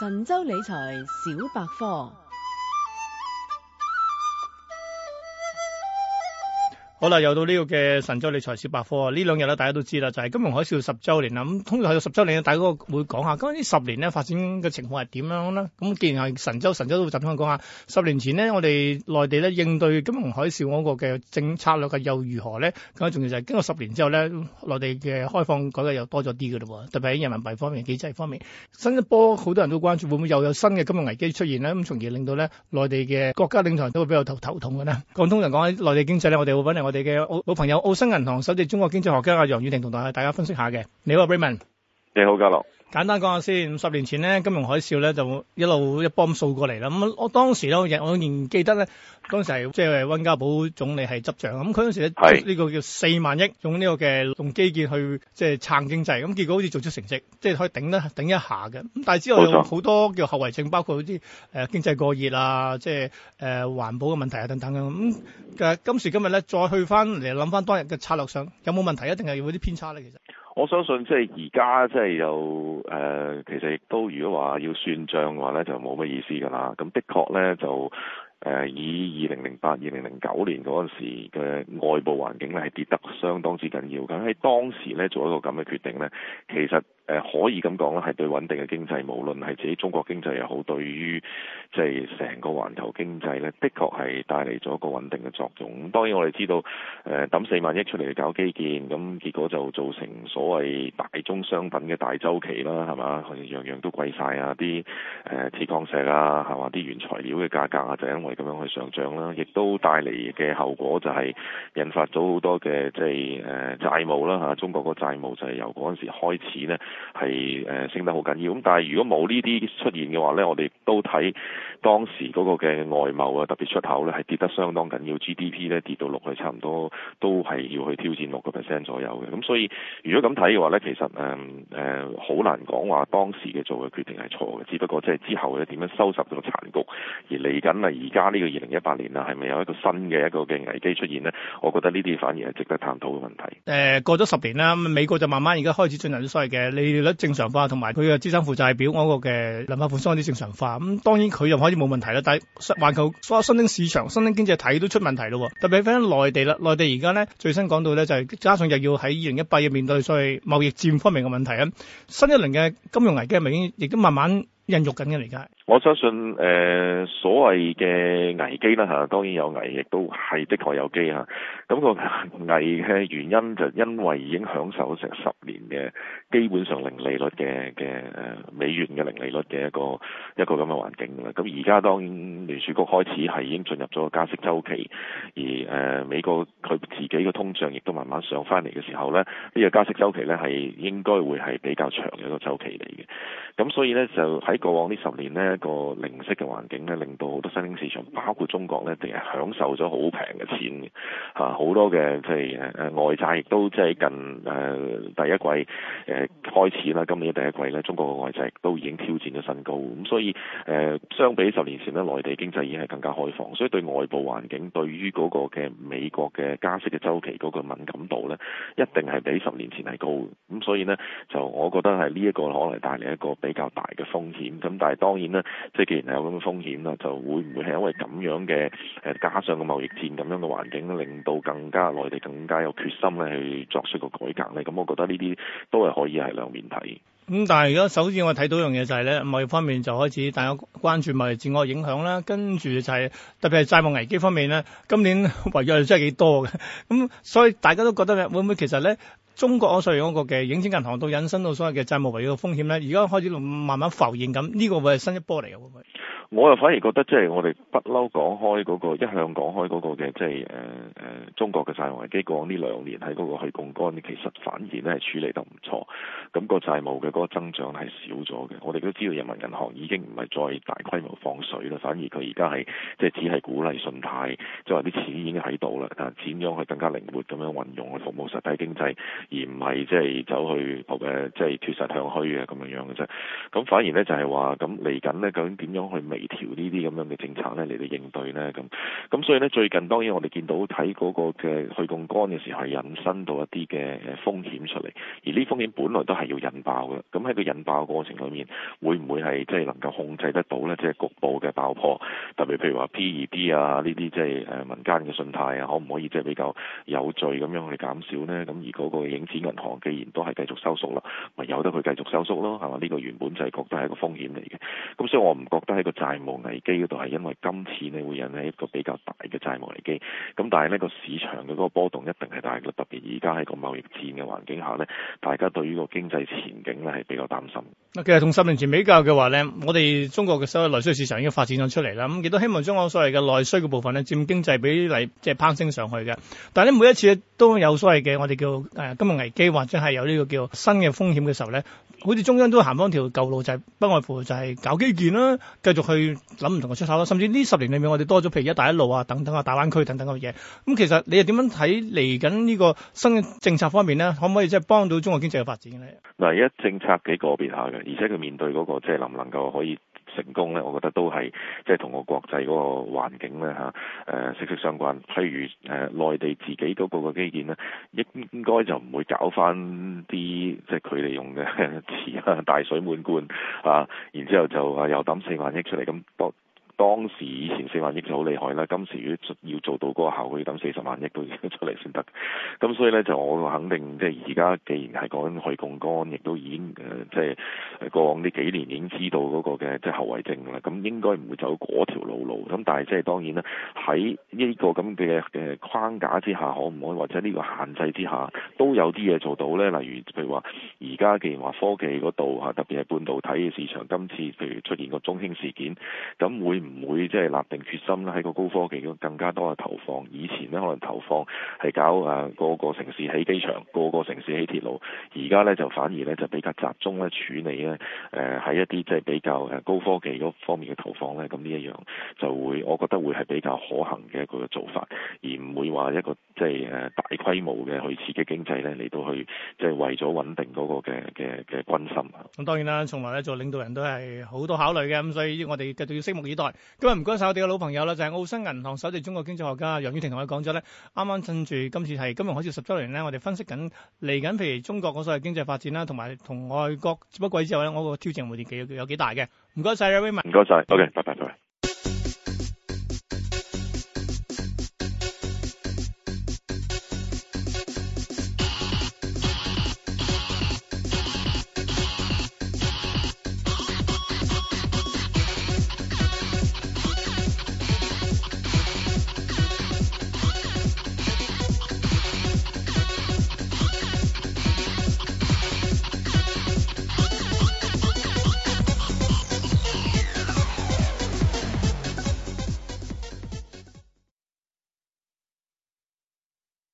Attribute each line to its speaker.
Speaker 1: 神州理財小百科。好啦，又到呢個嘅神州理財小百科啊！呢兩日咧，大家都知啦，就係、是、金融海嘯十週年啦。咁通常去到十週年，大家嗰個會講下，咁呢十年咧發展嘅情況係點樣咧？咁既然係神州，神州都會集中去講下。十年前呢，我哋內地咧應對金融海嘯嗰個嘅政策略係又如何呢？咁啊，重要就係經過十年之後呢，內地嘅開放改革又多咗啲嘅嘞，特別喺人民幣方面、經濟方面，新一波好多人都關注會唔會又有新嘅金融危機出現呢？咁從而令到呢內地嘅國家領導人都會比較頭頭痛嘅咧。我通人講喺內地經濟呢，我哋會揾嚟我哋嘅澳老朋友澳新銀行首席中國經濟學家阿楊宇霆同大家大家分析下嘅，你好，Raymond。Ray
Speaker 2: 你好，家
Speaker 1: 樂。簡單講下先，十年前咧金融海嘯咧就一路一波咁掃過嚟啦。咁、嗯、我當時咧，我仍然記得咧，當時係即係温家寶總理係執掌。咁佢嗰時咧呢是個叫四萬億，用呢個嘅用基建去即係撐經濟。咁結果好似做出成績，即係可以頂得頂一下嘅。咁但係之後好多叫後遺症，包括啲誒、呃、經濟過熱啊，即係誒環保嘅問題啊等等咁其、嗯、今時今日咧再去翻嚟諗翻當日嘅策略上，有冇問題？一定係有啲偏差咧，其實。
Speaker 2: 我相信即係而家即係又誒，其實亦都如果話要算賬嘅話咧，就冇乜意思噶啦。咁的確咧就，誒以二零零八、二零零九年嗰陣時嘅外部環境咧係跌得相當之緊要，咁喺當時咧做一個咁嘅決定咧，其實誒可以咁講啦，係對穩定嘅經濟，無論係自己中國經濟又好，對於即係成個環球經濟咧，的確係帶嚟咗一個穩定嘅作用。咁當然我哋知道誒抌四萬億出嚟搞基建，咁結果就造成所謂大宗商品嘅大周期啦，係嘛？樣樣都貴晒啊，啲誒鐵礦石啊，係嘛？啲原材料嘅價格啊，就因為。咁樣去上漲啦，亦都帶嚟嘅後果就係引發咗好多嘅即係誒、呃、債務啦嚇、啊。中國個債務就係由嗰陣時開始呢，係誒、呃、升得好緊要。咁但係如果冇呢啲出現嘅話呢，我哋都睇當時嗰個嘅外貿啊，特別出口呢，係跌得相當緊要。GDP 呢，跌到六，去差唔多都係要去挑戰六個 percent 左右嘅。咁、嗯、所以如果咁睇嘅話呢，其實誒誒好難講話當時嘅做嘅決定係錯嘅，只不過即係之後咧點樣收拾到個殘局，而嚟緊啊而家。加呢個二零一八年啦，係咪有一個新嘅一個嘅危機出現咧？我覺得呢啲反而係值得探討嘅問題。
Speaker 1: 誒過咗十年啦，美國就慢慢而家開始進行啲所謂嘅利率正常化，同埋佢嘅資產負債表嗰、那個嘅流動負債有啲正常化。咁、嗯、當然佢又可以冇問題啦，但係環球所有新興市場、新興經濟體都出問題咯。特別係翻內地啦，內地而家咧最新講到咧就係、是、加上又要喺二零一八要面對所謂貿易戰方面嘅問題啊。新一輪嘅金融危機係咪已經亦都慢慢？孕育緊嘅嚟㗎，
Speaker 2: 我相信誒、呃、所謂嘅危機啦吓，當然有危，亦都係的確有機吓，咁、啊那個危嘅原因就因為已經享受成十年嘅基本上零利率嘅、嘅、呃、美元嘅零利率嘅一個一個咁嘅環境啦。咁而家當然聯儲局開始係已經進入咗加息週期，而誒、呃、美國佢自己嘅通脹亦都慢慢上翻嚟嘅時候咧，呢、這個加息週期咧係應該會係比較長嘅一個週期嚟嘅。咁、啊、所以咧就喺過往呢十年咧，這個零息嘅環境咧，令到好多新興市場，包括中國咧，定係享受咗好平嘅錢嘅嚇、啊、好多嘅即係誒外債，亦都即係近誒第一季誒、呃、開始啦。今年第一季咧，中國嘅外債都已經挑戰咗新高。咁、嗯、所以誒、呃，相比十年前咧，內地經濟已經係更加開放，所以對外部環境對於嗰個嘅美國嘅加息嘅周期嗰個敏感度咧，一定係比十年前係高嘅。咁、嗯、所以呢，就我覺得係呢一個可能帶嚟一個比較大嘅風險。咁但係當然啦，即係既然係有咁嘅風險啦，就會唔會係因為咁樣嘅誒加上個貿易戰咁樣嘅環境，令到更加內地更加有決心咧去作出個改革咧？咁、嗯、我覺得呢啲都係可以係兩面睇。
Speaker 1: 咁、嗯、但係而家首先我睇到一樣嘢就係咧貿易方面就開始大家關注貿易戰嘅影響啦，跟住就係、是、特別係債務危機方面咧，今年違約真係幾多嘅，咁、 嗯、所以大家都覺得咧，會唔會其實咧？中國所出現嗰個嘅影子銀行到引申到所謂嘅債務違約嘅風險咧，而家開始慢慢浮現緊呢個會係新一波嚟嘅會唔會？
Speaker 2: 我又反而覺得，即係我哋不嬲講開嗰個，一向講開嗰個嘅，即係誒誒中國嘅債務危機過往呢兩年喺嗰個去槓桿，其實反而咧係處理得唔錯。咁個債務嘅嗰個增長係少咗嘅。我哋都知道人民銀行已經唔係再大規模放水啦，反而佢而家係即係只係鼓勵信貸，即係話啲錢已經喺度啦，但係錢點樣去更加靈活咁樣運用去服務實體經濟，而唔係即係走去誒即係脫實向虛嘅咁樣樣嘅啫。咁反而咧就係話，咁嚟緊呢，究竟點樣去？調呢啲咁樣嘅政策咧嚟到應對咧咁，咁所以咧最近當然我哋見到睇嗰個嘅去槓桿嘅時候係引申到一啲嘅誒風險出嚟，而呢風險本來都係要引爆嘅，咁喺個引爆過程裏面會唔會係即係能夠控制得到呢？即係局部嘅爆破？譬如話 P2P 啊呢啲即係誒民間嘅信貸啊，可唔可以即係比較有序咁樣去減少呢？咁而嗰個影子銀行既然都係繼續收縮啦，咪由得佢繼續收縮咯，係嘛？呢、這個原本就係覺得係個風險嚟嘅。咁、嗯、所以我唔覺得喺個債務危機嗰度係因為今次呢會引起一個比較大嘅債務危機。咁但係呢個市場嘅嗰個波動一定係大嘅，特別而家喺個貿易戰嘅環境下呢，大家對於個經濟前景呢係比較擔心。
Speaker 1: 其實同十年前比較嘅話呢，我哋中國嘅所謂內需市場已經發展咗出嚟啦，咁幾多？希望將我所謂嘅內需嘅部分咧，佔經濟比例即係攀升上去嘅。但係咧，每一次都有所謂嘅我哋叫金融危機，或者係有呢個叫新嘅風險嘅時候咧，好似中央都行翻條舊路，就係不外乎就係搞基建啦、啊，繼續去諗唔同嘅出口啦。甚至呢十年裏面我，我哋多咗譬如一帶一路啊、等等啊、大灣區等等嘅嘢。咁其實你又點樣睇嚟緊呢個新政策方面咧，可唔可以即係幫到中國經濟嘅發展咧？
Speaker 2: 嗱，而家政策幾個別下嘅，而且佢面對嗰個即係能唔能夠可以。成功咧，我覺得都係即係同個國際嗰個環境咧，嚇、誒息息相關。譬如誒、呃、內地自己嗰個個基建咧，應應該就唔會搞返啲即係佢哋用嘅詞啦， 大水漫灌啊，然之後就話又抌四萬億出嚟咁。當時以前四萬億就好厲害啦，今時如果要做到嗰個效果，要等四十萬億都出嚟先得。咁所以咧就我肯定，即係而家既然係講去槓桿，亦都已經誒、呃，即係過往呢幾年已經知道嗰個嘅即係後遺症啦。咁應該唔會走嗰條路路。咁但係即係當然啦，喺呢個咁嘅誒框架之下，可唔可以或者呢個限制之下，都有啲嘢做到咧？例如譬如話，而家既然話科技嗰度嚇，特別係半導體嘅市場，今次譬如出現個中興事件，咁會唔？唔會即係立定決心啦，喺個高科技更加多嘅投放。以前呢，可能投放係搞誒個個城市起機場，個個城市起鐵路，而家呢，就反而呢，就比較集中咧處理呢，誒喺一啲即係比較誒高科技嗰方面嘅投放呢，咁呢一樣就會，我覺得會係比較可行嘅一個做法，而。話一個即係誒大規模嘅去刺激經濟咧，嚟到去即係為咗穩定嗰個嘅嘅嘅軍心
Speaker 1: 啊。咁當然啦，從來咧做領導人都係好多考慮嘅，咁所以我哋繼續要拭目以待。今日唔該晒，我哋嘅老朋友啦，就係、是、澳新銀行首席中國經濟學家楊宇霆同我講咗咧，啱啱趁住今次係金融海嘯十周年咧，我哋分析緊嚟緊，譬如中國嗰所謂經濟發展啦，同埋同外國只不過之後咧，我個挑戰會點幾有幾大嘅？唔該晒 Raymond 唔該
Speaker 2: 晒，OK，拜拜，拜拜。